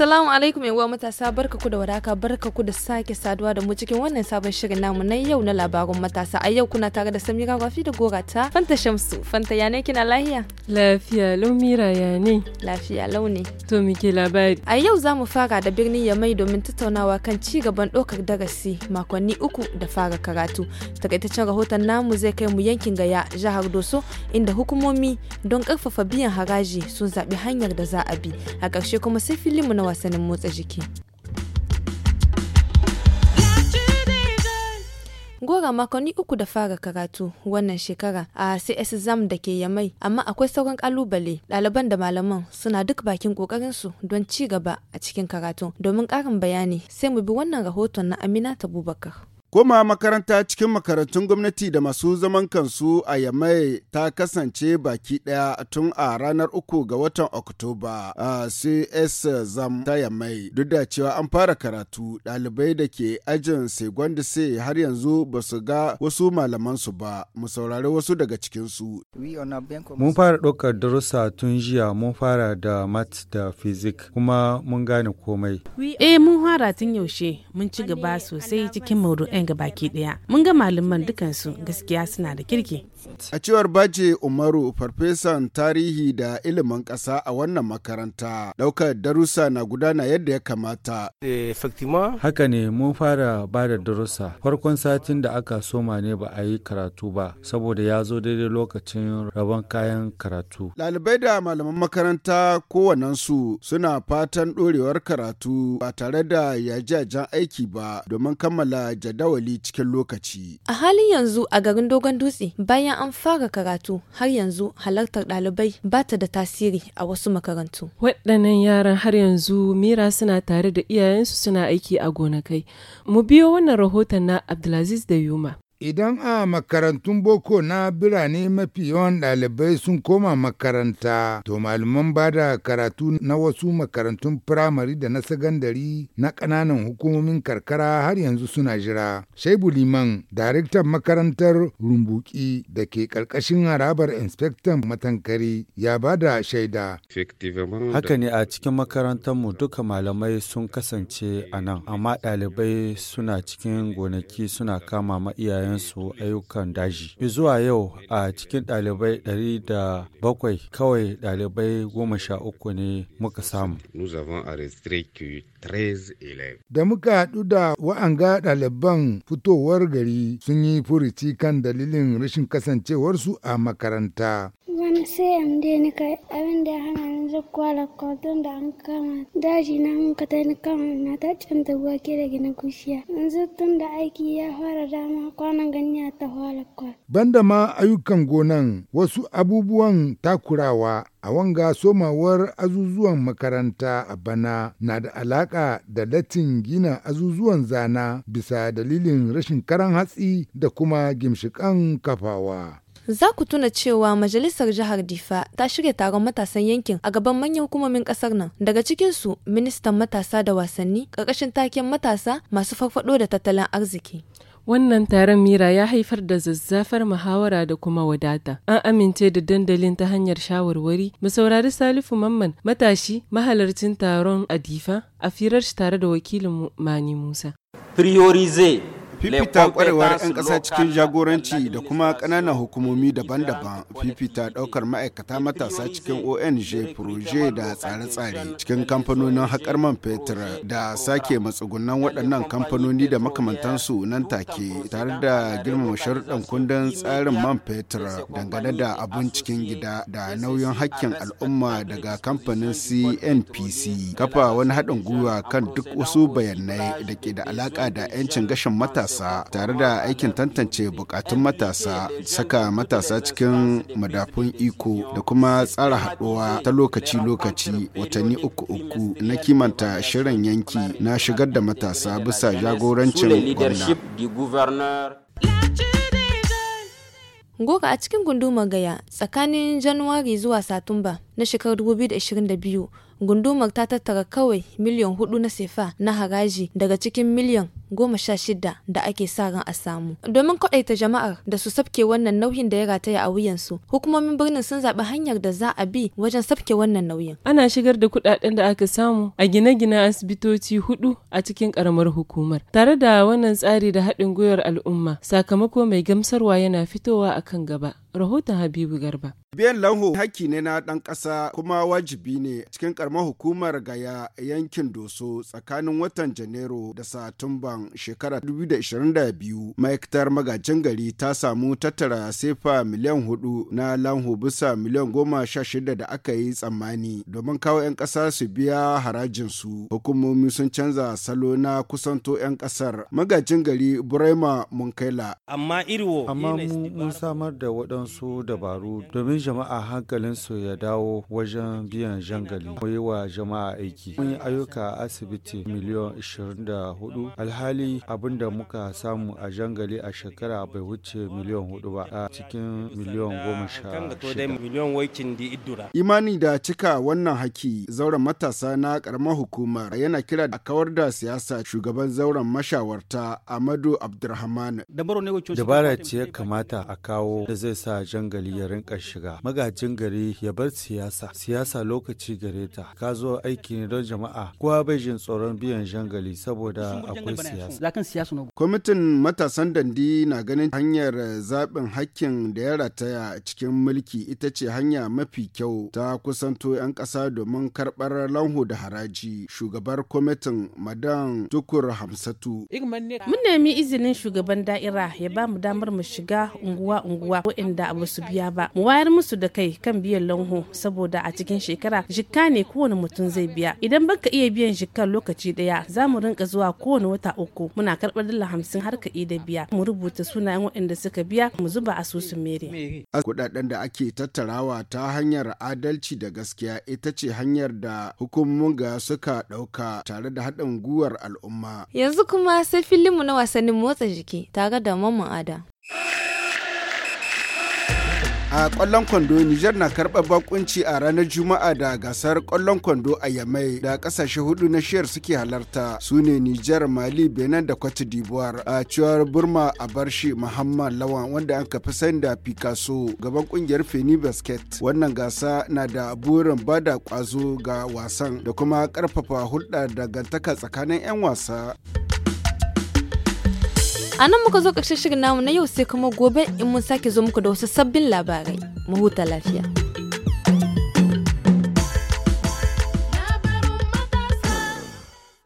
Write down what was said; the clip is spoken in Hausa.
Assalamu alaikum yawa matasa barka ku da waraka barka ku da sake saduwa da mu cikin wannan sabon shirin namu na yau na labarin matasa a yau kuna tare da Samira Gwafi da Gora Fanta Shamsu Fanta ya kina lahiya. Lafiya lau ya ne Lafiya launi. To muke labari A yau za mu fara da birnin Yamai domin tattaunawa kan ci gaban ɗaukar darasi makonni uku da fara karatu takaitaccen rahoton namu zai kai mu yankin Gaya jihar Doso inda hukumomi don karfafa biyan haraji sun zaɓi hanyar da za a bi a ƙarshe kuma sai mu na wasannin motsa jiki. gora makonni uku da fara karatu wannan shekara a cs zam da ke yamai amma akwai sauran kalubale ɗaliban da malaman suna duk bakin ƙoƙarinsu don ci gaba a cikin karatu domin ƙarin bayani sai mu bi wannan rahoton na aminata bubakar Koma makaranta cikin makarantun gwamnati da masu zaman kansu a Yamai ta kasance baki ɗaya tun a ranar uku ga watan Oktoba a CS Zam ta Yamai. Duk da cewa an fara karatu, ɗalibai da ke ajin Segwandise har yanzu ba su ga wasu malamansu ba, mu saurari wasu daga cikinsu. Mun fara ɗaukar darussa tun jiya mun fara da mat da fizik kuma mun gane komai. Eh mun fara tun yaushe mun ci gaba sosai cikin maudu'in 'ya'yan gabaki daya mun ga malaman dukansu gaskiya suna da kirki A cewar Baje Umaru farfesan tarihi da ilimin ƙasa a wannan makaranta, ɗaukar darussa na gudana yadda ya kamata. Eh, Haka ne mun fara ba da darussa. Farkon satin da aka soma ne ba a yi karatu ba, saboda ya zo daidai lokacin rabon kayan karatu. Ɗalibai da malaman makaranta kowannensu suna fatan ɗorewar karatu ba tare da yajajen aiki ba domin kammala jadawali cikin lokaci. A halin yanzu a garin Dogon Dutse bayan bayan an fara karatu har yanzu halartar ɗalibai ba ta da tasiri a wasu makarantu. Waɗannan yaran har yanzu mira suna tare da iyayensu suna aiki a gonakai. Mu biyo wannan rahoton na Abdulaziz da Yuma. Idan a makarantun boko na birane mafi yawan ɗalibai sun koma makaranta, to malaman ba da karatu na wasu makarantun firamare da na sagandari na ƙananan hukumomin karkara har yanzu suna jira. Shaibu Liman, daraktan makarantar Rumbuki da ke ƙarƙashin harabar inspector matankari ya ba da shaida. Haka ne a cikin makarantarmu duka malamai sun kasance a nan, amma ɗalibai suna cikin gonaki suna kama ma iyayen su ayyukan daji. Zuwa yau a cikin ɗalibai bakwai kawai ɗalibai uku ne muka samu. Da muka haɗu da wa'anga ɗaliban fitowar gari sun yi furuci kan dalilin rashin kasancewarsu a makaranta. sai an da kai abin da ya hana ni zakkuwa da kwadon da an kama daji na an ka ni kama na ta canta ke da gina kushiya yanzu tun da aiki ya fara dama kwanan gani ya ta fara kwa. banda ma ayyukan gonan wasu abubuwan takurawa a wanga somawar azuzuwan makaranta a bana na da alaka da latin gina azuzuwan zana bisa dalilin rashin karan hatsi da kuma gimshikan kafawa. Za ku tuna cewa Majalisar Jihar Difa ta shirya taron matasan yankin a gaban manyan hukumomin kasar nan. Daga cikinsu, ministan matasa da wasanni, ƙarƙashin taken matasa masu farfado da tattalin arziki. Wannan taron mira ya haifar da zazzafar muhawara da kuma wadata. An amince da dandalin ta hanyar shawarwari, mu saurari Salifu Mamman matashi mahalarcin taron a difa a firar shi tare da wakilin Mani Musa. Priorize fifita kwarewar 'yan ƙasa cikin jagoranci da kuma ƙananan hukumomi daban-daban fifita ɗaukar ma'aikata matasa cikin ong proje da tsare-tsare cikin kamfanonin haƙar man fetur da sake matsugunan waɗannan kamfanoni da makamantansu nan take tare da girmama sharuɗan kundin tsarin man fetur dangane da abun cikin gida da nauyin hakkin al'umma daga kamfanin cnpc kafa wani haɗin gwiwa kan duk wasu bayanai da ke da alaƙa da 'yancin gashin matasa matasa tare da aikin tantance bukatun matasa saka matasa cikin madafun iko da kuma tsara haɗuwa ta lokaci-lokaci watanni uku-uku na kimanta shirin yanki na shigar da matasa bisa jagorancin gwamna. Goga a cikin gundumar gaya tsakanin Januwari zuwa Satumba na shekarar 2022 gundumar ta tattara kawai miliyan hudu na sefa na haraji daga cikin miliyan goma sha shida da ake sa ran a samu. Domin kwaɗaita jama'ar da su sabke wannan nauyin da ya rataya a wuyansu, hukumomin birnin sun zaɓi hanyar da za a bi wajen sabke wannan nauyin. Ana shigar da kuɗaɗen da aka samu a gine gine asibitoci hudu a cikin ƙaramar hukumar. Tare da wannan tsari da haɗin gwiwar al'umma, sakamako mai gamsarwa yana fitowa a kan gaba. Rahoton Habibu Garba. Biyan lanho hakki ne na ɗan ƙasa kuma wajibi ne cikin ƙaramar hukumar Gaya yankin Doso tsakanin watan Janairu da satumba. watan shekara 2022 ma'aikatar magajin gari ta samu tattara sefa miliyan hudu na lanhu bisa miliyan goma sha shida da aka yi tsammani domin kawo 'yan ƙasa su biya harajin su. hukumomi sun canza salo na kusanto 'yan ƙasar magajin gari burema munkaila amma irwo amma mun samar da waɗansu dabaru domin jama'a hankalin su ya dawo wajen biyan jangali mu yi wa jama'a aiki mun yi ayyuka asibiti miliyan 24 alhali hali abin da muka samu a jangali a shekara bai wuce miliyan hudu ba a cikin miliyan goma sha shida. imani da cika wannan haki zauren matasa na karamar hukumar yana kira da kawar da siyasa shugaban zauren mashawarta amadu abdurrahman dabara ce ya kamata a kawo da zai sa jangali ya rinka shiga magajin gari ya bar siyasa siyasa lokaci gare ta ka zo aiki ne don jama'a kowa bai jin tsoron biyan jangali saboda akwai siyasa Kwamitin matasan dandi na ganin hanyar eh, zaɓin hakkin da ya rataya cikin mulki ita ce hanya mafi kyau ta kusanto 'yan ƙasa domin karɓar lanhu da haraji. Shugabar kwamitin Madan Tukur Hamsatu. Mun nemi izinin shugaban da'ira ya ba mu damar mu shiga unguwa-unguwa ko inda abu su biya ba. Mu wayar musu da kai kan biyan lanhu saboda a cikin shekara jikka ne kowane mutum zai biya. Idan baka iya biyan jikkan lokaci ɗaya za mu rinka zuwa kowane wata uku uku muna karɓar dala hamsin har da biya mu rubuta sunayen waɗanda suka biya mu zuba asusun mere. kuɗaɗen da ake tattarawa ta hanyar adalci da gaskiya ita ce hanyar da hukumomin ga suka ɗauka tare da haɗin guwar al'umma. yanzu kuma sai filinmu na wasannin motsa jiki tare da mamman ada. a kwallon kwando Nijar na karɓar bakunci a ranar Juma'a da gasar kwallon kwando a Yamai da ƙasashe hudu na shiyar suke halarta su ne Nijar, Mali, Benin da Cote d'Ivoire a cewar Burma a barshi Muhammad Lawan wanda an kafi sani da Picasso gaban ƙungiyar Feni Basket. Wannan gasa na da burin bada kwazo ga wasan da kuma ƙarfafa hulɗa dangantaka tsakanin 'yan wasa. A nan muka zo ƙarshen shirin namu na yau sai kuma gobe in mun sake zo muku da wasu sabbin labarai. Mu huta lafiya.